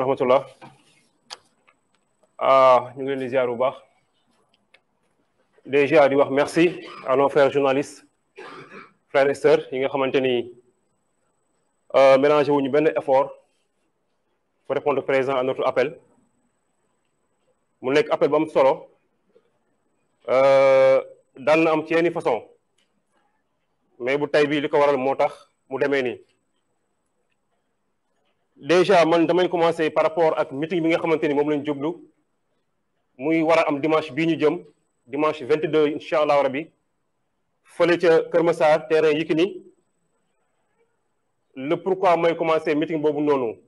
rahmatullah ah, ñu ngi leen di ziar bu baax déjà di wax merci à nos frères journalistes frères et yi nga xamante ni euh, mélangé wuñu benn effort pour répondre présent à notre appel mu nekk appel ba am solo euh, daan na am ci yenn façon mais bu tey bii li ko waral moo tax mu demee nii déjà man damay commencer par rapport ak meeting bi nga xamante ni moom lañ jublu muy war a am dimanche bii ñu jëm dimanche 22 incha allah rabi fële ca Kër Massar terrain Yékini le pourquoi may commencer meeting boobu noonu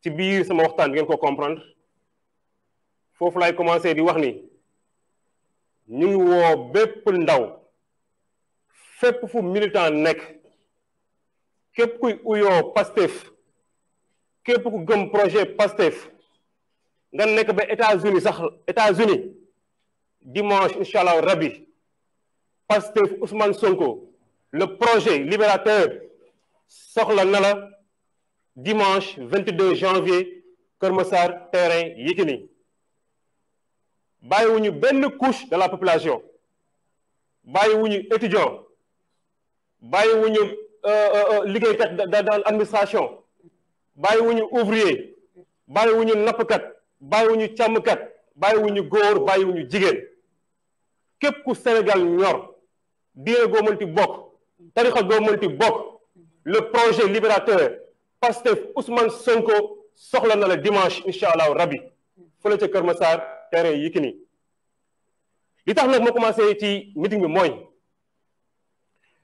ci biir sama waxtaan bi ngeen ko comprendre foofu laay commencer di wax ni ñu woo bépp ndaw fépp fu militant nekk képp kuy uyoo Pastef képp ku gëm projet PASTEF Dans nekk ba États-Unis États-Unis dimanche Inch'Allah, allah PASTEF Ousmane Sonko le projet libérateur soxla na la dimanche 22 janvier Kër Massar terrain Yékini une benn couche de la population bàyyiwuñu étudiant bàyyiwuñu euh, euh, euh, liggéeykat dans l'administration ouvrier nappkat càmmkat góor jigéen képp ku Sénégal ñor le projet libérateur Pastef Ousmane Sonko soxla na la dimanche incha rabbi fële ca Kër terrain yikini li tax nag commencé ci meeting bi mooy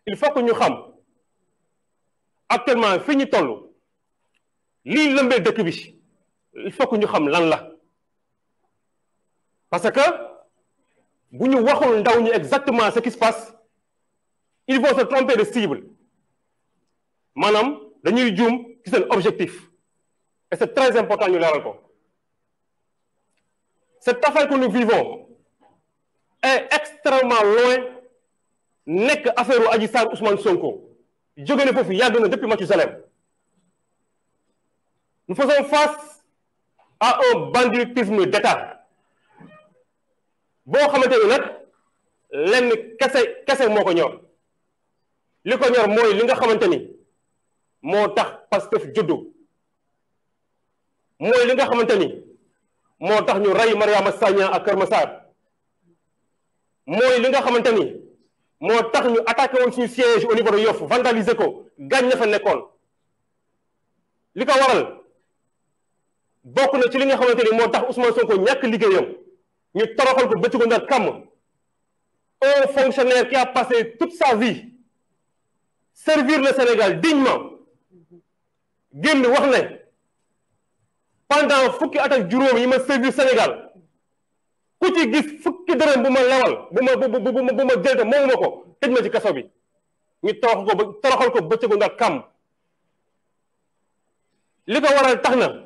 il faut que ñu xam actuellement fi ñu lii lëmbee dëkk bi il faut que nous xam lan parce que bu nous waxul ndaw ñi exactement ce qui se passe ils vont se tromper de cible Madame, dañuy juum ci seen objectif et c'est très important ñu leeral ko cette affaire que nous vivons est extrêmement loin nekk affaire u Adji Sarr Ousmane Sonko jóge na foofu yàgg na depuis Mathusalem Nous faisons face à un banditisme d'État boo xamante ni nag lenn kese kese moo ko ñor li ko ñor mooy li nga xamante ni moo tax Pastef juddu mooy li nga xamante ni moo tax ñu rey Mariama Sagna ak Kër Massar mooy li nga xamante ni moo tax ñu attaqué su suñu siège au niveau Yoff vandaliser ko gaañ na fa nekkoon li ko waral. bokk na ci li nga xamante ni moo tax Ousmane ko ñàkk liggéeyam ñu toroxal ko bëccëgu ndar kàmm un fonctionnaire qui a passé toute sa vie servir le Sénégal dignement génn wax na pendant fukki at juróom yi ma servir Sénégal ku ci gis fukki dërëm bu ma lewal bu ma bu bu bu ma jël te moomu ma ko tëj ma ci kaso bi ñu torox ko ba toroxal ko bëccëgu ndar kàmm li ko waral tax na.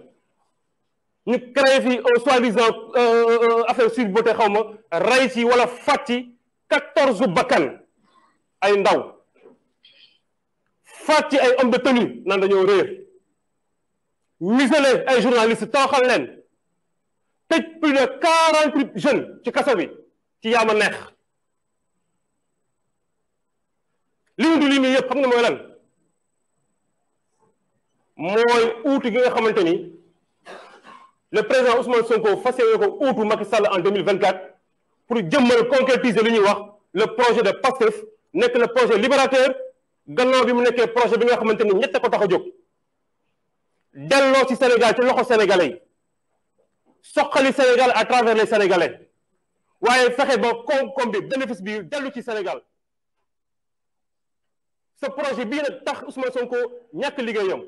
ñu créé fii un soi euh, euh, euh, affaire sur beauté xaw ma rey ci wala fàtti quatorze bakkan ay ndaw fàtti ay homme de tenue nan dañoo réer muselé ay journalistes tooxal leen tëj plus de quarante huit jeunes ci kaso bi ci yaama neex li mu du li muy xam nga mooy lan mooy uuti gi nga xamante ni le président Ousmane Sonko fas yéene ko uutu Macky en 2024 pour jëmmal concrétiser li wax le projet de n'est que le projet libérateur gannaaw bi mu nekkee projet bi nga xamante ni ñette ko tax a jóg ci Sénégal ci loxo sénégalais yi soqali Sénégal à travers les sénégalais waaye fexe ba koom-koom bi bénéfice bi dellu ci Sénégal ce projet bii nag tax Ousmane Sonko ñàkk liggéeyam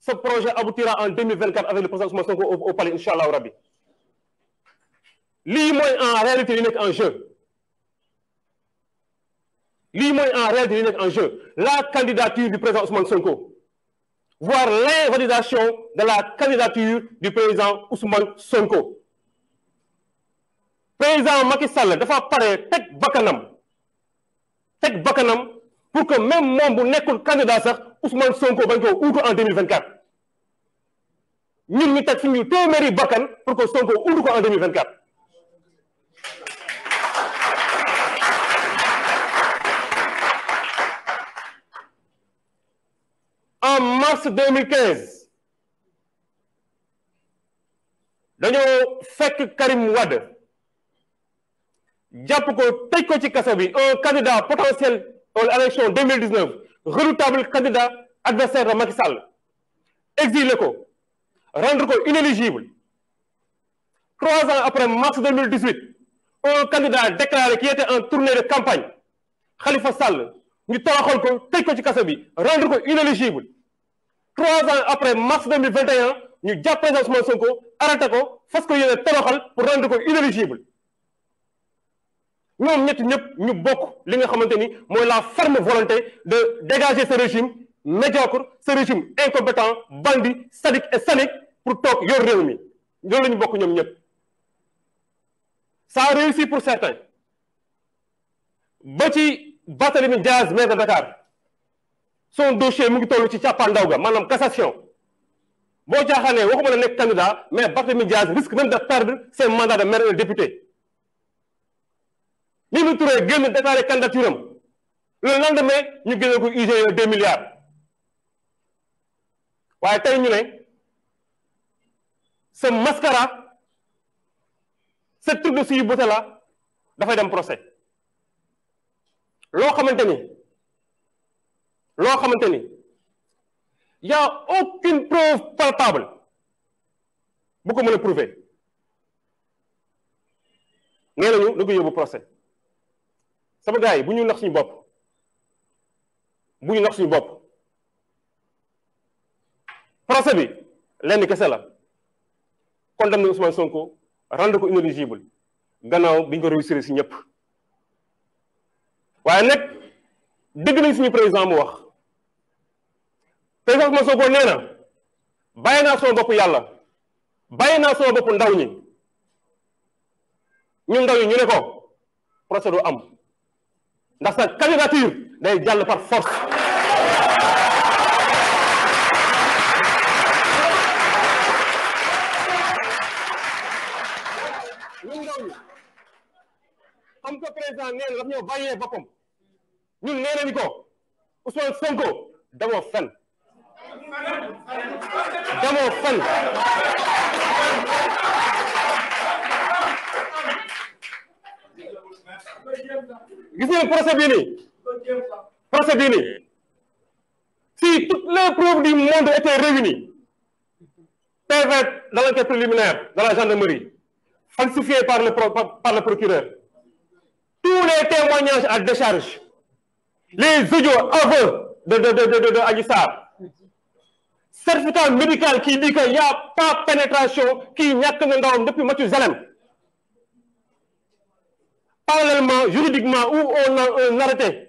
ce projet aboutira en 2024 avec le président Ousmane Sonko au palais Inch'Allah rabbi lui moy en réalité li nek en jeu lui en réalité li nek en jeu la candidature du président Ousmane Sonko voire l'invalidation de la candidature du président Ousmane Sonko président Macky Sall dafa paré tek Bakanam. tek Bakanam pour que même mon bu candidat Ousmane Sonko en 2024 Nous pour que Sonko en 2024 en mars 2015 le fekk Karim Wade ko un candidat potentiel pour l'élection 2019 redoutable candidat adversaire de Macky Sall exilé ko rendre ko inéligible trois ans après mars 2018 un candidat déclaré qu'il était en tournée de campagne Khalifa Sall nous avons ko tëj ko ci rendre inéligible trois ans après mars 2021 nous avons président Ousmane Sonko arrêté ko fas ko pour rendre inéligible nous, nous la ferme volonté de dégager ce régime médiocre ce régime incompétent bandit sadique et sanique pour tout yor Nous, nous, ça a réussi pour certains ba ci Diaz maire de Dakar son dossier mu ngi cassation candidat mais Diaz risque même de perdre ses mandats de maire et de député Mimi Touré génn déclaré candidature am le lendemain ñu gënal ko UGE 2 milliards waaye tey ñu ne ce mascara ce truc de suivi bote la dafay dem procès loo xamante ni loo xamante ni y a aucune preuve palpable bu ko mën a prouver nee nañu lu ko yóbbu procès sama gars bu ñu nax suñu bopp bu ñu nax suñu bopp procès bi lenn kese la condamné Ousmane Sonko rendre ko inéligible gannaaw bi ñu ko si ñëpp waaye nag dégg nañ suñu président mu wax président Ousmane Sonko nee na bàyyi naa sama bopp yàlla bàyyi naa sama bopp ndaw ñi ñun ndaw ñi ñu ne ko du am ndax sa candidature day jàll par force ñun ndaw am ko président nee na daf ñoo bàyyee boppam ñun nee nañu ko Sonko damoo fen si toutes les preuves du monde étaient réunies dans dans l'enquête préliminaire de la gendarmerie falsifiées par le par le procureur tous les témoignages à décharge les audios aveux de de de de de certificat médical qui dit qu'il n'y a pas de pénétration qui a que des ndawam depuis Mathieu Zalem parallèlement, juridiquement, où on a un arrêté,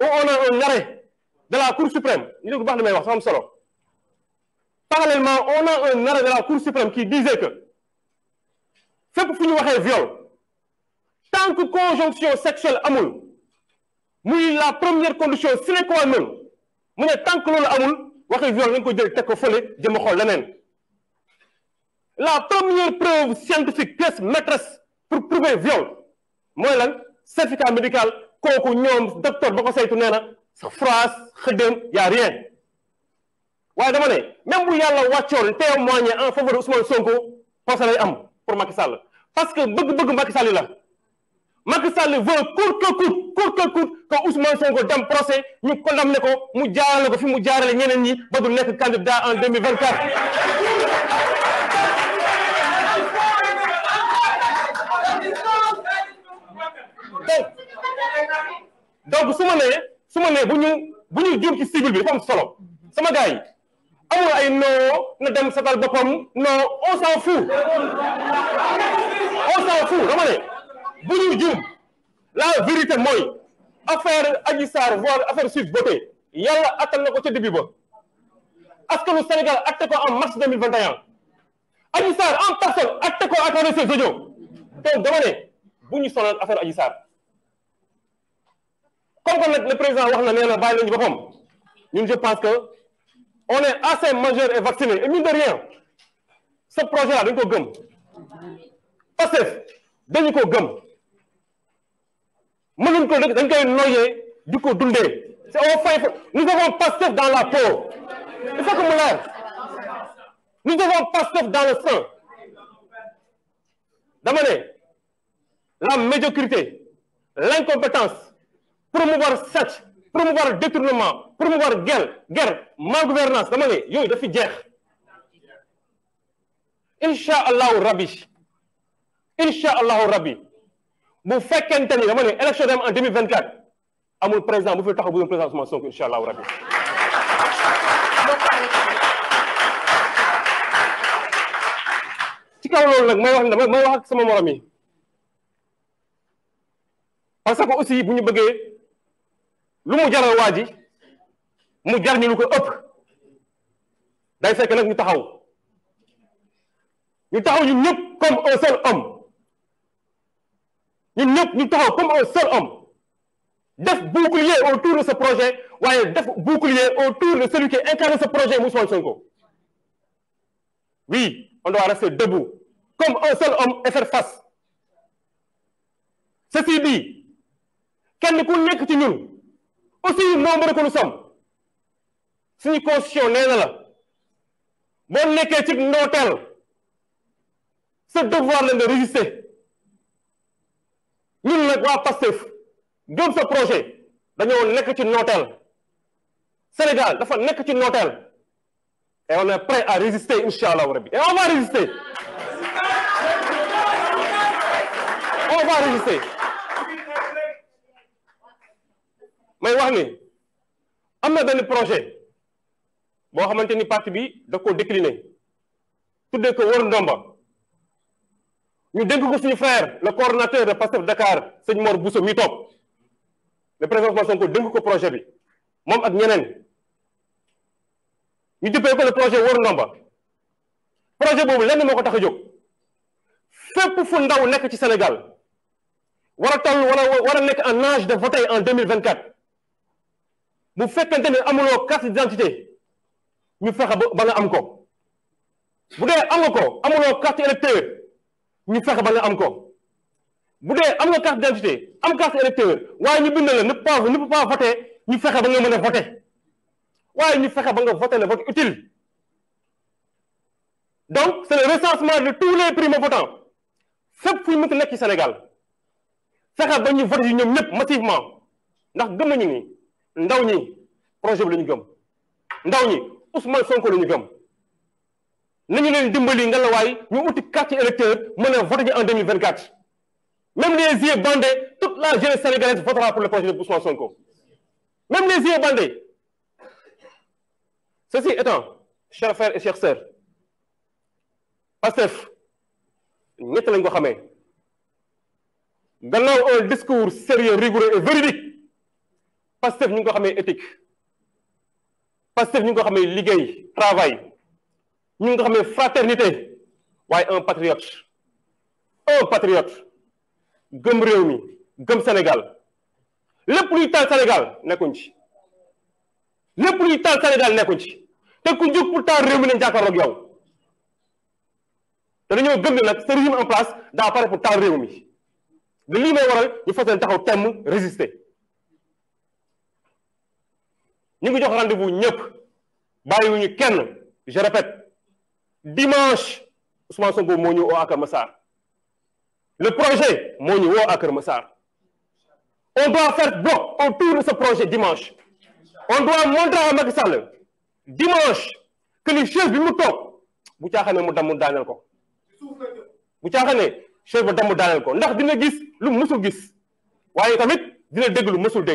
où on a un arrêt de la Cour suprême, parallèlement, on a un arrêt de la Cour suprême qui disait que c'est pour finir un viol. Tant que conjonction sexuelle amoul, la première condition, c'est le quoi même. tant que l'on a amoul, un viol, on peut que je me La première preuve scientifique, pièce maîtresse pour prouver viol, mooy lan certificat médical kooku ñoom docteur ba ko saytu nee na phrase xëddéem rien waaye dama ne même bu yàlla wàccoon témoigner en faveur de Ousmane Sonko procès lay am pour Macky Sall parce que bëgg-bëgg Macky Sall la Macky Sall veut coûte que coûte coûte que coûte que Ousmane Sonko dem procès ñu condamné ko mu jaarale ko fi mu jaarale ñeneen ñi ba du nekk candidat en 2024 donc donc su ma nee su ma nee bu ñu bu ñu juum bi dafa am solo sama gars yi amul ay non na dem satal boppam non on on s'en fout dama bu ñu juum la vérité mooy affaire Adji Sarr voire affaire Sweet Beauté yàlla attal na ko ca début ba askanu Sénégal acté ko en mars 2021 Adji Sarr en personne acté ko à travers ses audios bu ñu sonal affaire Adji comme que le président wax na néna na lañu boppam ñun je pense que on est assez majeur et vacciné et mine de rien ce projet là dañ ko gëm Pastef dañ ko gëm mënuñ ko dañ koy noyyee di ko c'est au fait nous avons Pastef dans la peau il faut que mu leer nous avons Pastef dans le sang dama ne la médiocrité l'incompétence promouvoir sàcc promouvoir détournement promouvoir guerre mal gouvernance dama ne yooyu dafi jeex incha allahu rabbi incha allahu rabbi bu fekkente ni dama ne élection dem en 2024 amul président bu fi taxaw bu doon président Ousmane Sonko incha allahu rabbi ci kaw loolu nag may wax ne may wax ak sama morom parce que aussi bu ñu bëggee lu mu jaral waa mu jar ñu lu ko upp day fekk nak ñu taxaw ñu taxaw ñu ñep comme un seul homme Nous ñëpp ñu taxaw comme un seul homme def bouclier autour de ce projet waye def bouclier autour de celui qui incarne ce projet Moussa Sonko oui on doit rester debout comme un seul homme et faire face ceci dit kenn ku nekk ci ñun aussi nombreux que nous sommes suñu constitution nee na la boo nekkee ci nooteel sa devoir la nga résister ñun nag waa Pastef gëm sa projet dañoo nekk ci nooteel Sénégal dafa nekk ci nooteel et on est prêt à résister incha allahu rabbi et on résister on va résister may wax ni am na benn projet boo xamante ni parti bi da ko décliné tuddee ko war ndomba ñu dénk ko suñu frère le coordinateur de pasteur Dakar sëñ Mor Bousso mi toog le président Ousmane Sonko dénk ko projet bi moom ak ñeneen ñu dippee ko le projet war ndomba projet boobu lenn moo ko tax a jóg fépp fu ndaw nekk ci Sénégal war a toll wala war a nekk en âge de voter en 2024 bu faites ne amuloo carte d'identité ñu fexe ba nga am ko bu carte électeur ñu faire ba nga Vous ko bu carte d'identité am carte électeur vous ne pas ne pas voter nous fexe ba nga voter vous ñu voter le vote utile donc c'est le recensement de tous les primes votants fépp qui ñu mënti Sénégal fexe ba ñu vote massivement ndax ndaw ñi projet bi la ñu gëm ndaw ñi Ousmane Sonko la ñu gëm nañu leen dimbali nga la waay ñu uti carte électeur mën a voté ji en 2024 même les yeux bandés la jeunesse sénégalaise votera pour le projet de Ousmane Sonko même les yeux bandés ceci étant chers frères et chers sœurs Pastef ñett lañ ko xamee gannaaw un discours sérieux rigoureux et véridique Pastef ñu ngi ko xamee éthique Pastef ñu ngi ko xamee liggéey travail ñu ngi ko xamee fraternité waaye un patriote un patriote gëm réew mi gëm Sénégal lépp luy taal Sénégal nekkuñ ci lépp luy taal Sénégal nekkuñ ci te ku jóg pour taal réew mi nañ jàkkaarloog yow te dañoo gëm ne nag sa régime en place daa pare pour taal réew mi de lii may waral ñu fas leen taxaw temm résister Nous avons rendez-vous je répète dimanche Ousmane Sonko le projet mo à on doit faire bloc autour de ce projet dimanche on doit montrer à Macky dimanche que les chef bi mu vous bu taxane mu ko bu chef ko ndax dina gis lu gis tamit dina